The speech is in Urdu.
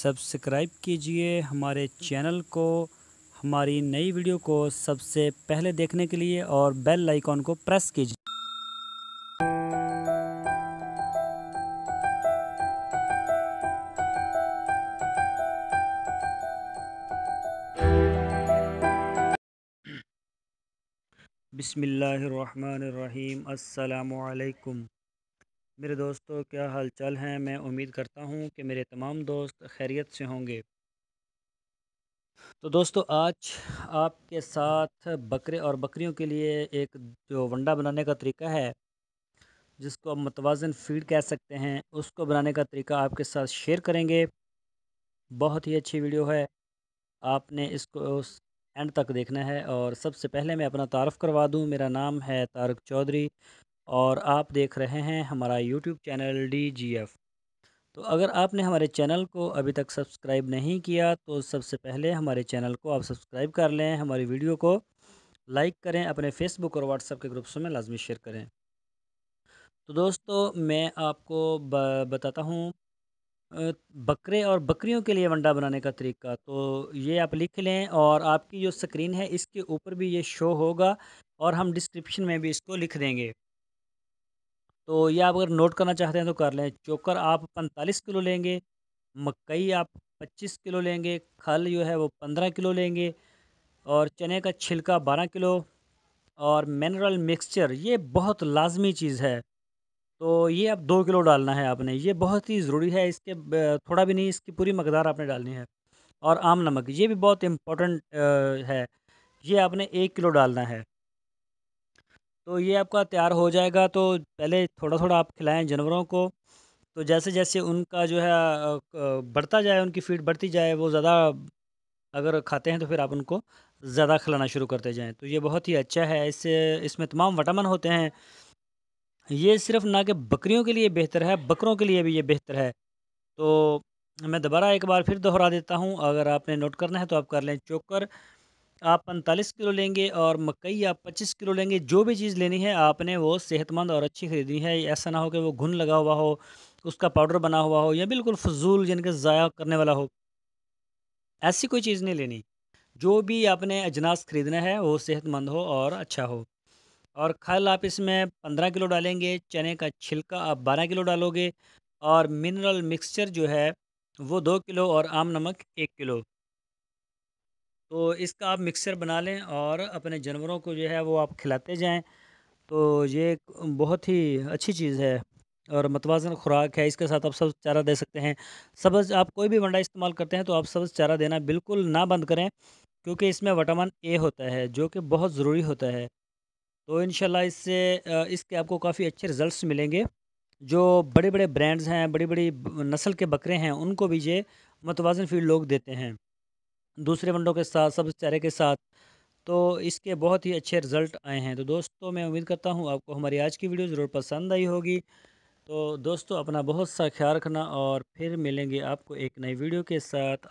سبسکرائب کیجئے ہمارے چینل کو ہماری نئی ویڈیو کو سب سے پہلے دیکھنے کے لیے اور بیل آئیکن کو پریس کیجئے بسم اللہ الرحمن الرحیم السلام علیکم میرے دوستو کیا حال چال ہیں میں امید کرتا ہوں کہ میرے تمام دوست خیریت سے ہوں گے تو دوستو آج آپ کے ساتھ بکرے اور بکریوں کے لیے ایک جو ونڈا بنانے کا طریقہ ہے جس کو آپ متوازن فیڈ کہہ سکتے ہیں اس کو بنانے کا طریقہ آپ کے ساتھ شیئر کریں گے بہت ہی اچھی ویڈیو ہے آپ نے اس کو اس اینڈ تک دیکھنا ہے اور سب سے پہلے میں اپنا تعارف کروا دوں میرا نام ہے تارک چودھری اور آپ دیکھ رہے ہیں ہمارا YouTube channel D G F تو اگر آپ نے ہمارے چینل کو ابھی تک سبسکرائب نہیں کیا تو سب سے پہلے ہمارے چینل کو آپ سبسکرائب کر لیں ہماری ویڈیو کو لائک کریں اپنے فیس بک اور واٹس اپ کے گروپس میں لازمی شیئر کریں تو دوستو میں آپ کو بتاتا ہوں بکرے اور بکریوں کے لیے ونڈا بنانے کا طریقہ تو یہ آپ لکھ لیں اور آپ کی جو سکرین ہے اس کے اوپر بھی یہ شو ہوگا اور ہم ڈسکرپشن میں بھی اس کو لکھ دیں گے تو یہ آپ اگر نوٹ کرنا چاہتے ہیں تو کر لیں چوکر آپ پنتالیس کلو لیں گے مکئی آپ پچیس کلو لیں گے کھل جو ہے وہ پندرہ کلو لیں گے اور چنے کا چھلکا بارہ کلو اور منرل مکسچر یہ بہت لازمی چیز ہے تو یہ آپ دو کلو ڈالنا ہے آپ نے یہ بہت ہی ضروری ہے اس کے تھوڑا بھی نہیں اس کی پوری مقدار آپ نے ڈالنی ہے اور عام نمک یہ بھی بہت امپورٹنٹ ہے یہ آپ نے ایک کلو ڈالنا ہے تو یہ آپ کا تیار ہو جائے گا تو پہلے تھوڑا تھوڑا آپ کھلائیں جانوروں کو تو جیسے جیسے ان کا جو ہے بڑھتا جائے ان کی فیڈ بڑھتی جائے وہ زیادہ اگر کھاتے ہیں تو پھر آپ ان کو زیادہ کھلانا شروع کرتے جائیں تو یہ بہت ہی اچھا ہے اس سے اس میں تمام وٹامن ہوتے ہیں یہ صرف نہ کہ بکریوں کے لیے بہتر ہے بکروں کے لیے بھی یہ بہتر ہے تو میں دوبارہ ایک بار پھر دہرا دیتا ہوں اگر آپ نے نوٹ کرنا ہے تو آپ کر لیں چوکر آپ پنتالیس کلو لیں گے اور مکئی آپ پچیس کلو لیں گے جو بھی چیز لینی ہے آپ نے وہ صحت مند اور اچھی خریدنی ہے ایسا نہ ہو کہ وہ گھن لگا ہوا ہو اس کا پاؤڈر بنا ہوا ہو یا بالکل فضول یعنی کہ ضائع کرنے والا ہو ایسی کوئی چیز نہیں لینی جو بھی آپ نے اجناس خریدنا ہے وہ صحت مند ہو اور اچھا ہو اور کھل آپ اس میں پندرہ کلو ڈالیں گے چنے کا چھلکا آپ بارہ کلو ڈالو گے اور منرل مکسچر جو ہے وہ دو کلو اور عام نمک ایک کلو تو اس کا آپ مکسر بنا لیں اور اپنے جانوروں کو جو ہے وہ آپ کھلاتے جائیں تو یہ ایک بہت ہی اچھی چیز ہے اور متوازن خوراک ہے اس کے ساتھ آپ سبز چارہ دے سکتے ہیں سبز آپ کوئی بھی ونڈا استعمال کرتے ہیں تو آپ سبز چارہ دینا بالکل نہ بند کریں کیونکہ اس میں وٹامن اے ہوتا ہے جو کہ بہت ضروری ہوتا ہے تو انشاءاللہ اس سے اس کے آپ کو کافی اچھے رزلٹس ملیں گے جو بڑے بڑے برانڈز ہیں بڑی بڑی نسل کے بکرے ہیں ان کو بھی یہ متوازن فیڈ لوگ دیتے ہیں دوسرے ونڈوں کے ساتھ سبھائی چارے کے ساتھ تو اس کے بہت ہی اچھے رزلٹ آئے ہیں تو دوستوں میں امید کرتا ہوں آپ کو ہماری آج کی ویڈیو ضرور پسند آئی ہوگی تو دوستوں اپنا بہت سا خیال رکھنا اور پھر ملیں گے آپ کو ایک نئی ویڈیو کے ساتھ